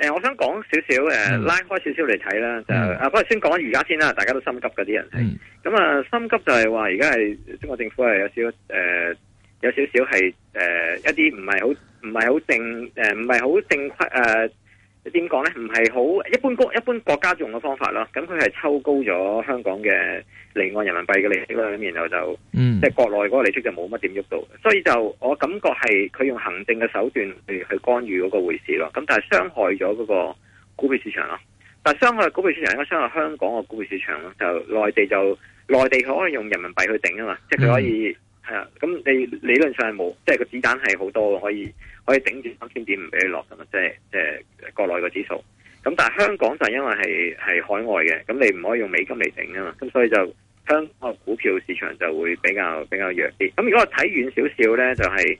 誒、呃，我想講少少誒，拉開少少嚟睇啦，就的啊，不過先講而家先啦，大家都心急嗰啲人係，咁的啊，心急就係話而家係中國政府係有少誒、呃，有少少係誒一啲唔係好唔係好正誒，唔係好正規誒。呃，不是很點講呢？唔係好一般國一般國家用嘅方法咯，咁佢係抽高咗香港嘅離岸人民幣嘅利息啦，咁然後就、嗯、即係國內嗰個利息就冇乜點喐到，所以就我感覺係佢用行政嘅手段去去干預嗰個匯市咯，咁但係傷害咗嗰個股票市場咯，但係傷害股票市場應該傷害香港個股票市場咯，就內地就內地佢可以用人民幣去頂啊嘛，嗯、即係佢可以。咁你理論上係冇，即係個子彈係好多，可以可以頂住三千點唔俾你落㗎嘛，即係即係國內個指數。咁但係香港就係因為係係海外嘅，咁你唔可以用美金嚟頂啊嘛，咁所以就香港股票市場就會比較比較弱啲。咁如果我睇遠少少咧，就係、是、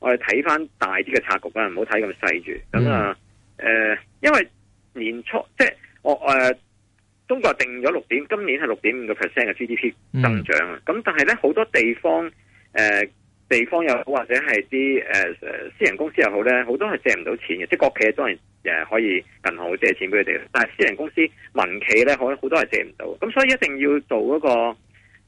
我哋睇翻大啲嘅格局啦，唔好睇咁細住。咁啊，誒、嗯呃，因為年初即係我誒中國定咗六點，今年係六點五個 percent 嘅 GDP 增長啊。咁、嗯、但係咧好多地方。誒、呃，地方又好，或者係啲誒誒私人公司又好咧，好多係借唔到錢嘅。即係國企當然誒、呃、可以銀行借錢俾佢哋，但係私人公司、民企咧，可好多係借唔到。咁所以一定要做嗰個，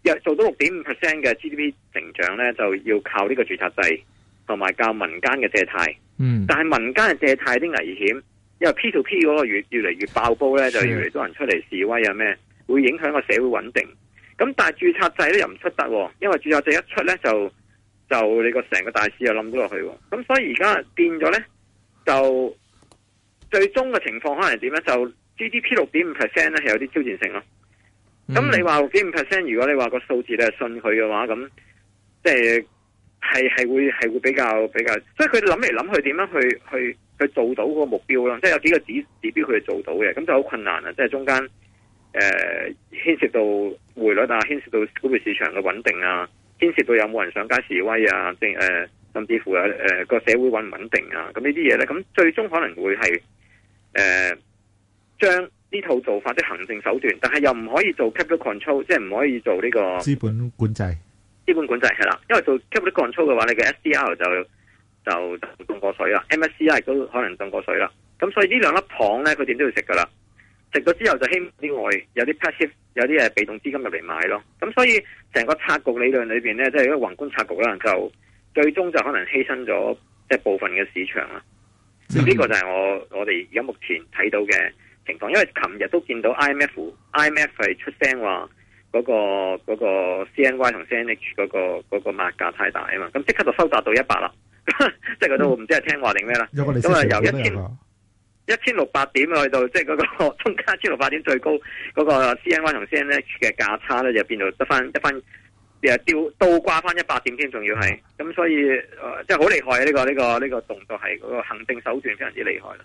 又做到六點五 percent 嘅 GDP 成長咧，就要靠呢個註冊制同埋靠民間嘅借貸。嗯，但係民間嘅借貸有啲危險，因為 P to P 嗰個越越嚟越爆煲咧，的就越嚟多人出嚟示威啊咩，會影響個社會穩定。咁但係註冊制咧又唔出得，因為註冊制一出咧就就你個成個大市又冧咗落去。咁所以而家變咗咧就最終嘅情況可能點咧？就 GDP 六點五 percent 咧係有啲挑戰性咯。咁，嗯，你話六點五 percent，如果你話個數字你係信佢嘅話，咁即係係係會係會比較比較，所以佢諗嚟諗去點樣去去去做到個目標咯。即係有幾個指指標佢哋做到嘅，咁就好困難啊！即係中間。誒、牽、呃、涉到匯率啊，牽涉到股票市場嘅穩定啊，牽涉到有冇人上街示威啊，定誒、呃，甚至乎誒個、呃、社會穩唔穩定啊？咁呢啲嘢咧，咁最終可能會係誒、呃，將呢套做法的行政手段，但係又唔可以做 capital control，即係唔可以做呢個資本管制。資本管制係啦，因為做 capital control 嘅話，你嘅 SDR 就就凍過水啦，MSCI 都可能凍過水啦。咁所以兩呢兩粒糖咧，佢點都要食噶啦。食咗之後就希望另外有啲 passive 有啲誒被動資金入嚟買咯，咁、嗯、所以成個拆局理論裏邊咧，即係一個宏觀拆局可能就最終就可能犧牲咗一部分嘅市場啦。呢、嗯、個就係我我哋而家目前睇到嘅情況，因為琴日都見到 IMF、IMF 係出聲話嗰、那個、那個、CNY 同 CNH 嗰、那個嗰、那個價太大啊嘛，咁即刻就收窄到一百啦， 即係佢都唔知係聽話定咩啦。咁啊由一千。一千六百點去到即係嗰個中間一千六百點，最高嗰個 C N Y 同 C N H 嘅價差咧就變到得翻一翻誒調倒掛翻一百點添，仲要係咁，所以誒即係好厲害啊！呢個呢個呢個動作係嗰個行政手段非常之厲害啦。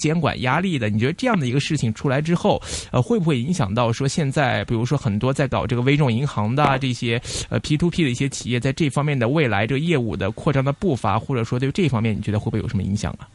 監管壓力的，你覺得這樣的一個事情出來之後，呃，會不會影響到說現在，比如說很多在搞這個微眾銀行的、啊、這些、呃、P two P 的一些企業，在這方面的未來這個業務的擴張的步伐，或者說對這方面，你覺得會不會有什麼影響啊？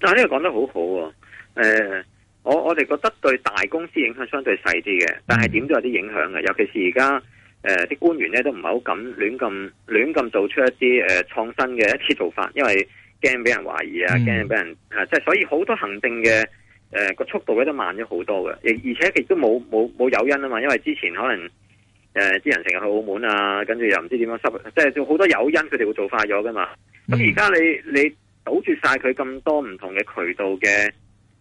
但係呢個講得好好、啊，誒、呃，我我哋覺得對大公司影響相對細啲嘅，但係點都有啲影響嘅，尤其是而家，誒、呃，啲官員呢，都唔係好敢亂咁亂咁做出一啲誒、呃、創新嘅一次做法，因為。驚俾人懷疑怕被人、嗯、啊！驚俾人，即係所以好多行政嘅，誒、呃、個速度咧都慢咗好多嘅，而而且亦都冇冇冇誘因啊嘛！因為之前可能誒啲、呃、人成日去澳門啊，跟住又唔知點樣收，即係好多誘因，佢哋會做快咗噶嘛。咁而家你你堵住晒佢咁多唔同嘅渠道嘅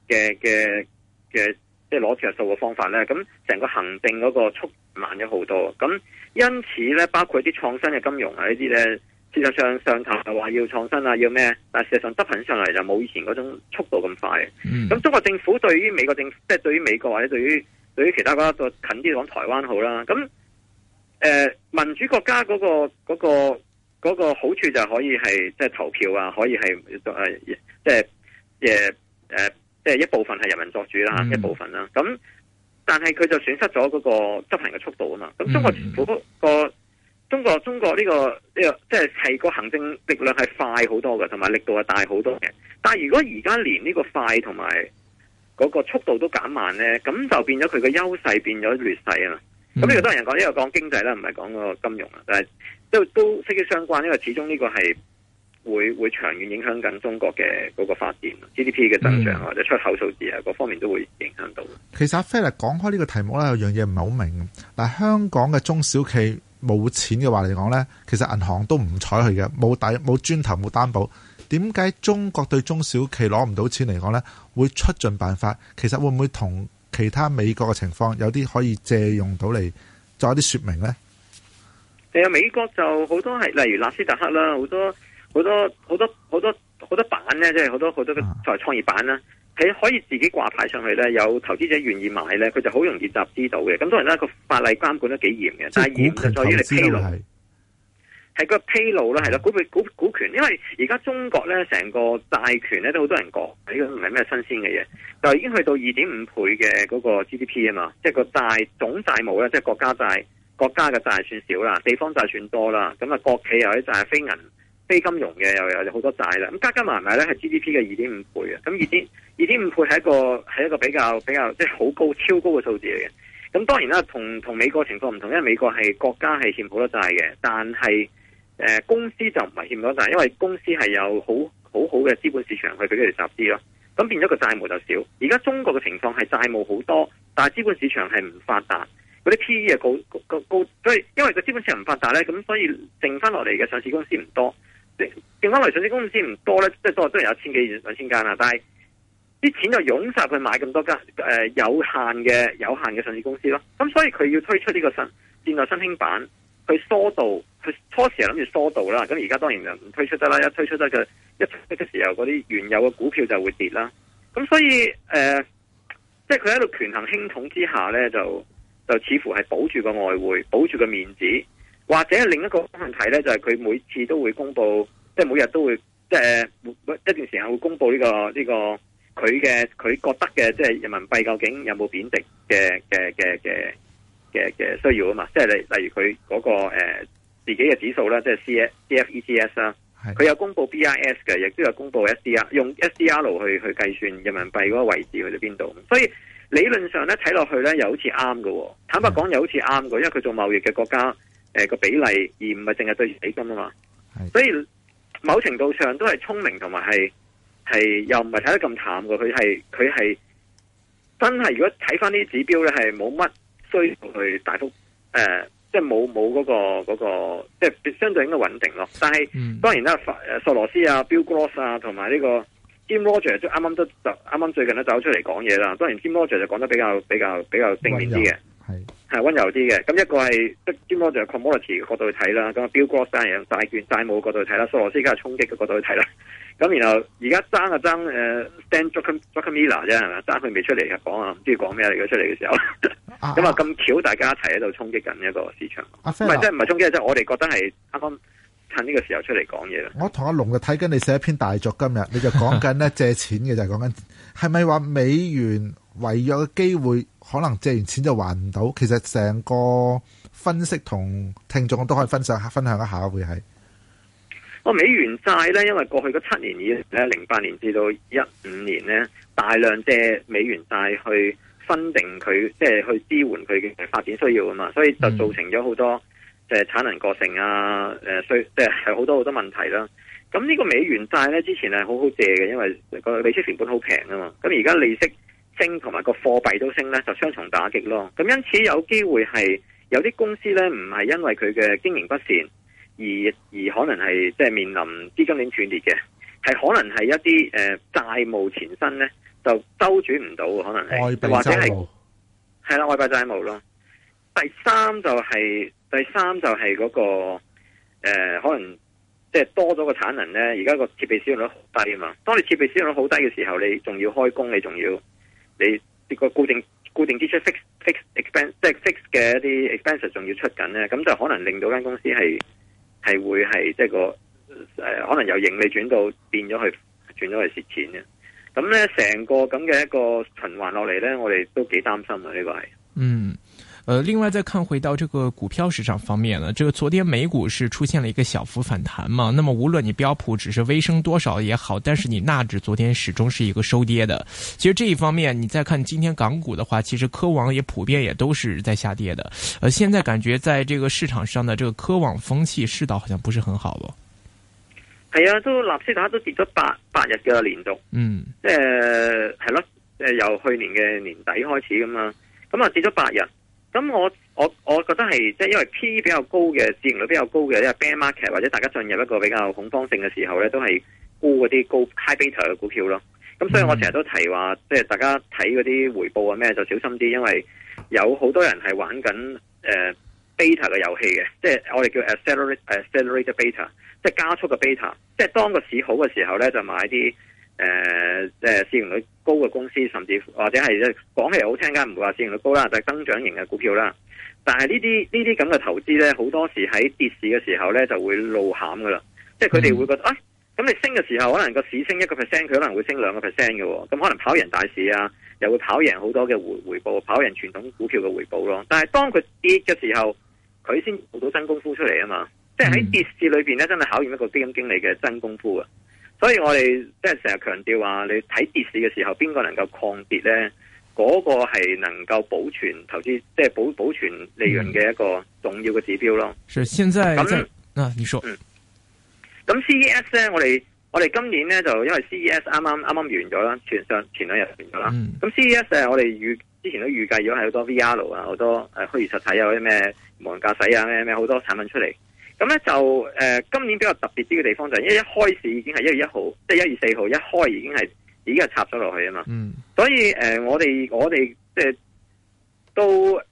嘅嘅嘅，即係攞票數嘅方法咧，咁成個行政嗰個速度慢咗好多。咁因此咧，包括啲創新嘅金融啊呢啲咧。事實上，上頭就話要創新啊，要咩？但事實上，執行上嚟就冇以前嗰種速度咁快。咁、嗯、中國政府對於美國政府，即係對於美國或者對於對於其他國家，再近啲講台灣好啦。咁誒、呃，民主國家嗰、那個嗰、那個、那個那個好處就可以係即係投票啊，可以係誒即係嘅誒，即、呃、係、就是呃就是、一部分係人民作主啦，嗯、一部分啦。咁但係佢就損失咗嗰個執行嘅速度啊嘛。咁中國政府、嗯那個。中國中國呢、這個呢、這個即係係個行政力量係快好多嘅，同埋力度係大好多嘅。但係如果而家連呢個快同埋嗰個速度都減慢咧，咁就變咗佢個優勢變咗劣勢啊。咁呢、嗯、個多人講，呢個講經濟啦，唔係講個金融啊。但係都都息息相關，因為始終呢個係會會長遠影響緊中國嘅嗰個發展、G D P 嘅增長、嗯、或者出口數字啊，各方面都會影響到。其實阿 Fred 講開呢個題目咧，有樣嘢唔係好明嗱，但香港嘅中小企。冇錢嘅話嚟講呢，其實銀行都唔睬佢嘅，冇底冇磚頭冇擔保。點解中國對中小企攞唔到錢嚟講呢？會出盡辦法？其實會唔會同其他美國嘅情況有啲可以借用到嚟，做一啲説明呢？誒，美國就好多係例如納斯達克啦，好多好多好多好多好多板呢，即係好多好多作為創業板啦。啊佢可以自己掛牌上去咧，有投資者願意買咧，佢就好容易集資到嘅。咁當然啦，個法例監管得幾嚴嘅。是但係二就係在於披露，係個披露啦，係啦，股票股股權。因為而家中國咧，成個債權咧都好多人講，呢個唔係咩新鮮嘅嘢，就已經去到二點五倍嘅嗰個 GDP 啊嘛，即係個大總債務咧，即係國家債、國家嘅債算少啦，地方債算多啦，咁啊國企又有債、非銀。非金融嘅又有好多債啦，咁加加埋埋咧係 GDP 嘅二點五倍啊！咁二點二點五倍係一個係一個比較比較即係好高超高嘅數字嚟嘅。咁當然啦，同同美國情況唔同，因為美國係國家係欠好多債嘅，但係誒、呃、公司就唔係欠好多債，因為公司係有很很好好好嘅資本市場去俾佢哋集資咯，咁變咗個債務就少。而家中國嘅情況係債務好多，但係資本市場係唔發達，嗰啲 P E 係高高高，所以因為個資本市場唔發達咧，咁所以剩翻落嚟嘅上市公司唔多。健康類上市公司唔多咧，即係多都係有千幾兩千間啦。但係啲錢就湧晒去買咁多間誒，有限嘅有限嘅上市公司咯。咁所以佢要推出呢個新戰略新興板，去疏導，佢初時諗住疏導啦。咁而家當然就唔推出得啦。一推出得嘅，一推出得嘅時候，嗰啲原有嘅股票就會跌啦。咁所以誒、呃，即係佢喺度權衡輕重之下咧，就就似乎係保住個外匯，保住個面子。或者另一個問題咧，就係佢每次都會公布，即係每日都會，即係一段時間會公布呢個呢個佢嘅佢覺得嘅，即係人民幣究竟有冇貶值嘅嘅嘅嘅嘅嘅需要啊嘛？即係例例如佢嗰個誒自己嘅指數啦，即係 C, C F E T S 啦的，佢有公布 B I S 嘅，亦都有公布 S D R，用 S D R 去去計算人民幣嗰個位置去到邊度。所以理論上咧，睇落去咧又好似啱喎，坦白講又好似啱嘅，因為佢做貿易嘅國家。誒個、呃、比例，而唔係淨係對住底金啊嘛，是的 所以某程度上都係聰明同埋係係又唔係睇得咁淡嘅，佢係佢係真係如果睇翻啲指標咧，係冇乜需求去大幅誒，即係冇冇嗰個嗰個，即、那、係、個就是、相對應該穩定咯。但係、嗯、當然啦，索羅斯啊、Bill Gross 啊，同埋呢個 Jim Rogers 都啱啱都就啱啱最近都走出嚟講嘢啦。當然 Jim Rogers 就講得比較比較比較正面啲嘅。係係温柔啲嘅，咁一個係即係主要就係 commodity 角度去睇啦，咁啊 Bill Gross 啊債券債務角度去睇啦，索羅斯而家衝擊嘅角度去睇啦，咁然後差就差、呃 ok ok、而家爭啊爭誒，Stan Druckenmiller 啫係咪？爭佢未出嚟講啊，唔知講咩嚟而出嚟嘅時候，咁啊咁、啊、巧大家一齊喺度衝擊緊一個市場，唔係即係唔係衝擊，即係我哋覺得係啱啱趁呢個時候出嚟講嘢我同阿龍就睇緊你寫一篇大作今日，你就講緊咧借錢嘅就係講緊係咪話美元違約嘅機會？可能借完錢就還唔到，其實成個分析同聽眾都可以分享一下，分享一下會係個美元債呢，因為過去嗰七年以嚟，零八年至到一五年呢，大量借美元債去分定佢，即係去支援佢嘅發展需要啊嘛，所以就造成咗好多即誒、嗯、產能過剩啊，誒需即係好多好多問題啦。咁呢個美元債呢，之前係好好借嘅，因為個利息成本好平啊嘛，咁而家利息，升同埋個貨幣都升咧，就雙重打擊咯。咁因此有機會係有啲公司咧，唔係因為佢嘅經營不善而而可能係即係面臨資金鏈斷裂嘅，係可能係一啲誒債務纏身咧，就周轉唔到，可能係或者係係啦外幣債務咯。第三就係、是、第三就係嗰、那個誒、呃，可能即係多咗個產能咧。而家個設備使用率好低啊嘛。當你設備使用率好低嘅時候，你仲要開工，你仲要。你個固定固定支出 fix fix expense 即係 fix 嘅一啲 expense 仲要出緊咧，咁就可能令到間公司係係會係即係個誒、呃，可能由盈利轉到變咗去轉咗去蝕錢嘅。咁咧成個咁嘅一個循環落嚟咧，我哋都幾擔心啊！呢個係嗯。呃，另外再看回到這個股票市場方面呢，這個昨天美股是出現了一個小幅反彈嘛。那麼無論你標普只是微升多少也好，但是你納指昨天始終是一個收跌的。其實這一方面，你再看今天港股的話，其實科網也普遍也都是在下跌的。呃，現在感覺在這個市場上的這個科網風氣市道好像不是很好喎。係啊，都藍色股都跌咗八八日嘅年度，嗯，呃係係由去年嘅年底開始噶嘛，咁啊跌咗八日。咁我我我覺得係即係因為 P 比較高嘅市盈率比較高嘅，因為 bear market 或者大家進入一個比較恐慌性嘅時候咧，都係沽嗰啲高 high beta 嘅股票咯。咁、mm hmm. 所以我成日都提話，即係大家睇嗰啲回報啊咩就小心啲，因為有好多人係玩緊、呃、beta 嘅遊戲嘅，即係我哋叫 accelerate accelerate beta，即係加速嘅 beta，即係當個市好嘅時候咧就買啲。誒誒，市盈、呃、率高嘅公司，甚至或者係講起好聽，梗唔會話市盈率高啦，就係增長型嘅股票啦。但係呢啲呢啲咁嘅投資咧，好多時喺跌市嘅時候咧，就會露餡噶啦。即係佢哋會覺得、嗯、啊，咁你升嘅時候，可能個市升一個 percent，佢可能會升兩個 percent 嘅。咁可能跑贏大市啊，又會跑贏好多嘅回回報，跑贏傳統股票嘅回報咯。但係當佢跌嘅時候，佢先做到真功夫出嚟啊嘛。即係喺跌市裏邊咧，真係考驗一個基金經理嘅真功夫啊！所以我哋即係成日強調話，你睇跌市嘅時候，邊個能夠抗跌咧？嗰個係能夠保存投資，即係保保存利潤嘅一個重要嘅指標咯。是現在咁啊，你說嗯。咁 CES 咧，我哋我哋今年咧就因為 CES 啱啱啱啱完咗啦，前上前兩日完咗啦。咁 CES 誒，我哋預之前都預計咗係好多 VR 啊，好多誒虛擬實體有啲咩無人駕駛啊，咩咩好多產品出嚟。咁咧就誒、呃，今年比較特別啲嘅地方就係因為一開始已經係一月一號，即係一月四號一開已經係已經係插咗落去啊嘛。嗯。所以誒、呃，我哋我哋即係都誒、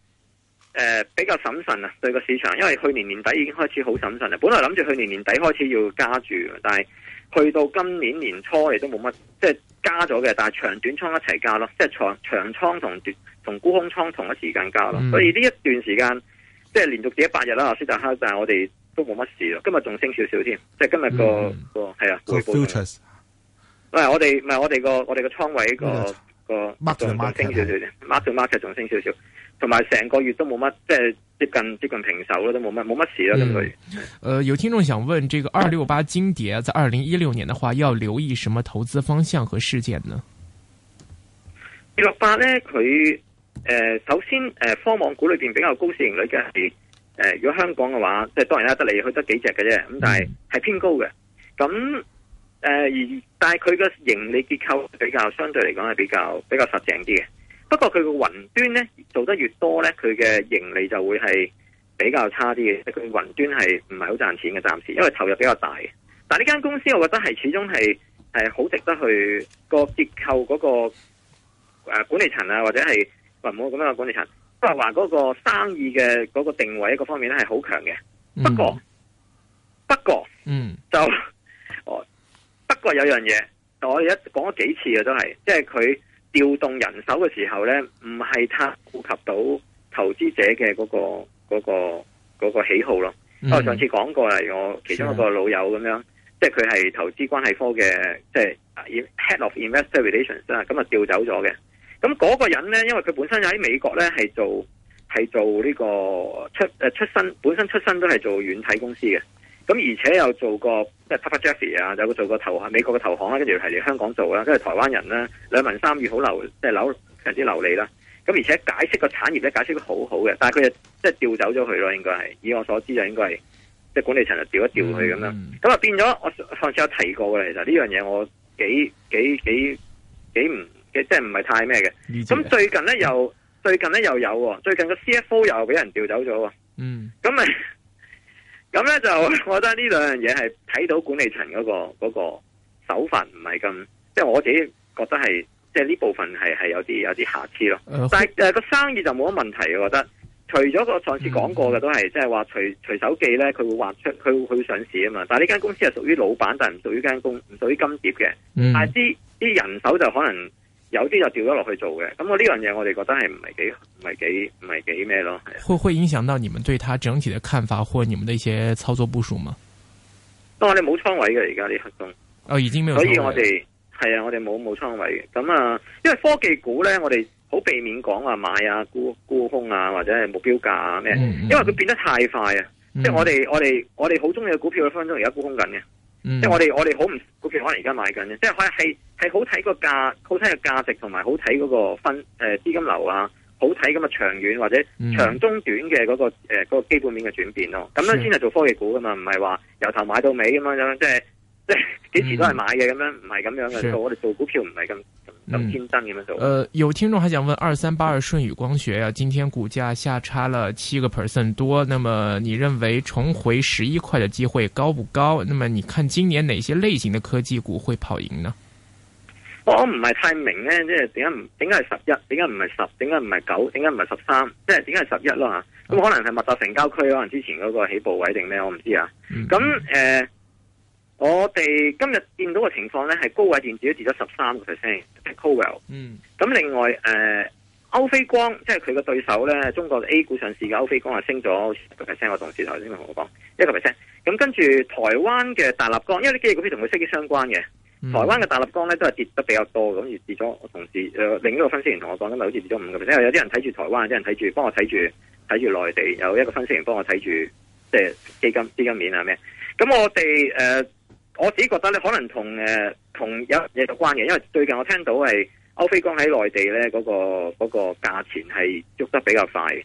呃、比較審慎啊，對個市場，因為去年年底已經開始好審慎啦。本來諗住去年年底開始要加注，但係去到今年年初亦都冇乜即係加咗嘅，但係長短倉一齊加咯，即係長長倉同同沽空倉同一時間加咯。嗯、所以呢一段時間即係連續跌咗八日啦，斯達克，就係我哋。都冇乜事咯，今日仲升少少添，即係今日個、嗯、個係啊，哎、個 futures 我哋唔係我哋個我哋個倉位個、那個 market 就升 market market 仲升少少，同埋成個月都冇乜，即係接近接近平手啦，都冇乜冇乜事啦，咁佢、嗯。呃，有聽眾想問，這個二六八金蝶在二零一六年的話，要留意什麼投資方向和事件呢？二六八咧，佢誒、呃，首先誒、呃，科網股裏邊比較高市盈率嘅係。誒、呃，如果香港嘅話，即係當然啦，得你去得幾隻嘅啫，咁但係係偏高嘅。咁誒，而、呃、但係佢嘅盈利結構比較相對嚟講係比較比較實淨啲嘅。不過佢嘅雲端咧做得越多咧，佢嘅盈利就會係比較差啲嘅。即係佢雲端係唔係好賺錢嘅，暫時，因為投入比較大。但係呢間公司，我覺得係始終係係好值得去、那個結構嗰、那個誒、啊、管理層啊，或者係雲母咁樣嘅管理層。話話嗰個生意嘅嗰個定位一個方面咧係好強嘅，不過、嗯、不過嗯就哦，不過有樣嘢，我一講咗幾次嘅都係，即係佢調動人手嘅時候咧，唔係太顧及到投資者嘅嗰、嗰個、嗰個、嗰個喜好咯。嗯、我上次講過嚟，我其中一個老友咁的、就是、樣就，即係佢係投資關係科嘅，即係 head of investor relations 咁啊調走咗嘅。咁嗰個人咧，因為佢本身喺美國咧，係做係做呢、這個出、呃、出身，本身出身都係做軟體公司嘅。咁而且又做過即係 Papa Jeffrey 啊，有個做過投行，美國嘅投行啦、啊，跟住係嚟香港做啦，跟住台灣人啦，兩文三語好流，即、就、係、是、流非常之流，流，流利啦。咁而且解釋個產業咧，解釋得好好嘅。但係佢就即係調走咗佢咯，應該係以我所知就應該係即係管理層就調一調佢咁樣。咁啊、嗯嗯、變咗，我上次有提過嘅其實呢樣嘢，我幾幾幾幾唔～即係係唔係太咩嘅，咁最近咧又最近咧又，又有，最近個 CFO 又俾人調走咗，咁咪咁咧就，就我覺得呢兩樣嘢係睇到管理層嗰、嗰個、嗰、嗰個手法唔係咁，即係我自己覺得係即係呢部分係係有啲有啲瑕疵咯。但係誒個生意就冇乜問題，我覺得除咗個上次講過嘅都係即係話隨隨手記咧，佢會畫出佢會去上市啊嘛。但係呢間公司係屬於老闆，但係唔屬於間公唔屬於金蝶嘅，嗯、但係啲啲人手就可能。有啲就掉咗落去做嘅，咁我呢樣嘢我哋覺得係唔係幾唔係幾唔係幾咩咯？會會影響到你們對它整體的看法或你們的一些操作部署嗎？當我哋冇倉位嘅而家呢一刻鐘哦，已經沒有，所以我哋係啊，我哋冇冇倉位嘅。咁啊，因為科技股咧，我哋好避免講話買啊沽沽空啊或者係目標價啊咩，嗯嗯、因為佢變得太快啊，即係、嗯、我哋我哋我哋好中意嘅股票嘅分分鐘而家沽空緊嘅。嗯、即係我哋我哋好唔股票可能而家買緊嘅，即係係係好睇個價，好睇個價值同埋好睇嗰個分誒資、呃、金流啊，好睇咁嘅長遠或者長中短嘅嗰、那個誒嗰、呃那個基本面嘅轉變咯、啊。咁、嗯、樣先係做科技股噶嘛，唔係話由頭買到尾咁樣樣，即、就、係、是。即係幾時都係買嘅咁、嗯、樣,不是這樣的，唔係咁樣嘅。我哋做股票唔係咁咁天真咁樣做。誒、呃，有聽眾還想問：二三八二舜宇光學啊，今天股價下差了七個 percent 多。那麼你認為重回十一塊嘅機會高不高？那麼你看今年哪些類型嘅科技股會跑贏呢？我唔係太明呢，即係點解點解係十一？點解唔係十？點解唔係九？點解唔係十三？即係點解係十一啦？咁可能係密集成交區，可能之前嗰個起步位定咩？我唔知啊。咁誒、嗯。我哋今日見到嘅情況咧，係高位電子都跌咗十三個 percent，即係 Cowell，咁另外，誒、呃、歐菲光即係佢嘅對手咧，中國 A 股上市嘅歐菲光係升咗十個 percent。我同事頭先同我講一個 percent。咁跟住台灣嘅大立光，因為啲基金同佢息息相關嘅，台灣嘅大立光咧都係跌得比較多，咁而跌咗。我同事、呃、另一個分析員同我講，咁咪好似跌咗五個 percent。有啲人睇住台灣，有啲人睇住幫我睇住，睇住內地有一個分析員幫我睇住，即係基金基金面啊咩？咁我哋誒。呃我自己覺得咧，可能同誒同有嘢有關嘅，因為最近我聽到係歐菲光喺內地咧，嗰個嗰個價錢係喐得比較快嘅，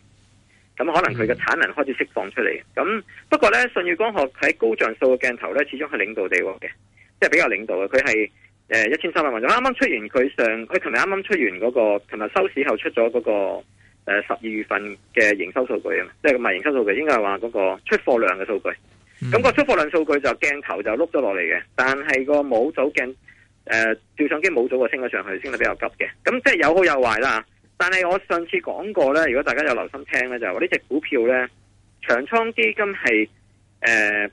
咁可能佢嘅產能開始釋放出嚟。咁不過咧，舜宇光學喺高像素鏡頭咧，始終係領導地位嘅，即係比較領導嘅。佢係誒一千三百萬就啱啱出完佢上，佢琴日啱啱出完嗰個，琴日收市後出咗嗰個呃十二月份嘅營收數據啊，即係個係營收數據，應該係話嗰個出貨量嘅數據。咁、嗯、個出貨量數據就鏡頭就碌咗落嚟嘅，但係個模組鏡誒、呃，照相機模組就升咗上去，升得比較急嘅。咁即係有好有壞啦。但係我上次講過呢，如果大家有留心聽呢，就話呢隻股票呢，長倉基金係誒、呃、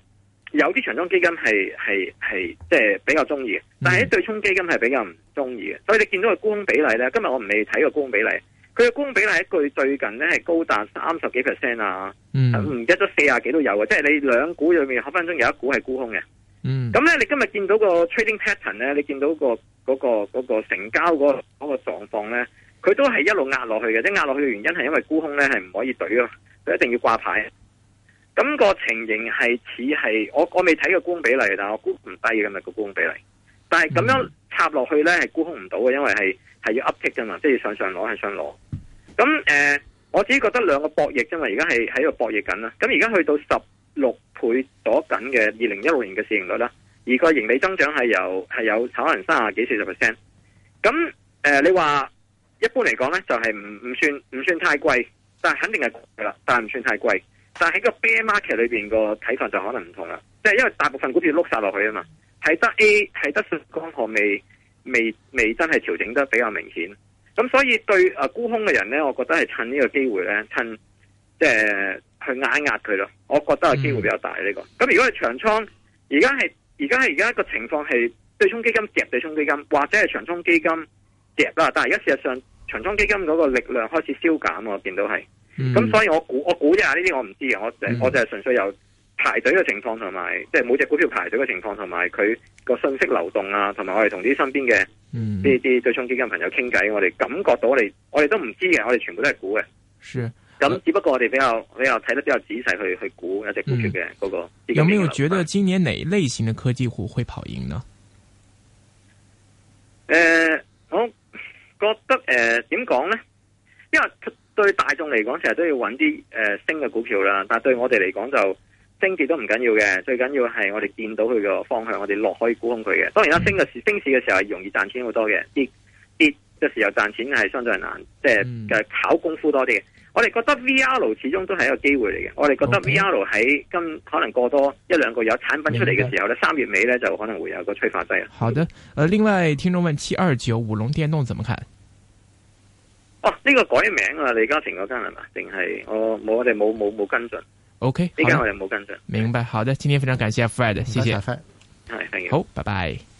有啲長倉基金係係係即係比較中意嘅，但係對沖基金係比較唔中意嘅。所以你見到個沽空比例呢，今日我唔未睇過沽空比例。佢嘅沽空比例句最近咧係高達三十幾 percent 啊，唔止四十幾都有嘅，即、就、係、是、你兩股入面合分鐘有一股係沽空嘅。咁咧、嗯，你今日見到個 trading pattern 咧，你見到、那個嗰、那個嗰、那個、成交嗰、那、嗰個狀況咧，佢、那個、都係一路壓落去嘅。即係壓落去嘅原因係因為沽空咧係唔可以懟咯，佢一定要掛牌。咁、那個情形係似係我我未睇過沽空比例，但我估唔低㗎嘛。那個沽空比例。但係咁樣插落去咧係沽空唔到嘅，因為係要 uptick 㗎嘛，即係、就是、要上上攞係上攞。咁誒、呃，我自己覺得兩個博弈，因為而家係喺度博弈緊啦。咁而家去到十六倍咗緊嘅二零一六年嘅市盈率啦，而個盈利增長係由係有可能三十幾四十 percent。咁誒、呃，你話一般嚟講咧，就係唔唔算唔算太貴，但係肯定係貴啦，但係唔算太貴。但喺個 bear market 裏邊個睇法就可能唔同啦，即、就、係、是、因為大部分股票碌晒落去啊嘛，係得 A 係得信江河未未未真係調整得比較明顯。咁所以對沽空嘅人咧，我覺得係趁個機呢個機會咧，趁即係、呃、去壓一壓佢咯。我覺得個機會比較大呢個。咁、嗯、如果係長倉，而家係而家係而家個情況係對沖基金夾對沖基金，或者係長倉基金夾啦。但係而家事實上長倉基金嗰個力量開始消減，我見到係。咁、嗯、所以我估我估一下呢啲，我唔知嘅，我、嗯、我就係純粹有。排隊嘅情況同埋，即係每隻股票排隊嘅情況同埋，佢個信息流動啊，同埋我哋同啲身邊嘅呢啲對沖基金朋友傾偈，嗯、我哋感覺到我哋，我哋都唔知嘅，我哋全部都係估嘅。咁是只不過我哋比較比較睇得比較仔細去去估一隻股票嘅嗰、嗯、個的有冇有覺得今年哪一類型嘅科技股會跑贏呢？誒、呃，我覺得誒，點講呢？因為對大眾嚟講，成日都要揾啲誒升嘅股票啦，但係對我哋嚟講就。升跌都唔緊要嘅，最緊要係我哋見到佢個方向，我哋落可以沽空佢嘅。當然啦，升嘅時，升市嘅時候係容易賺錢好多嘅，跌跌嘅時候賺錢係相對係難，即係嘅考功夫多啲嘅。我哋覺得 V R 始終都係一個機會嚟嘅。我哋覺得 V R 喺今可能過多一兩個有產品出嚟嘅時候咧，白三月尾咧就可能會有個催化劑啊。好的，呃，另外聽眾問七二九五龍電動怎麼看？哦、啊，呢、這個改名啊，李嘉誠嗰間係嘛？定係我冇，我哋冇冇冇跟進。OK，好明白，好的，今天非常感謝 Fred，嗯、謝謝，嗯、好，拜拜 Thank you.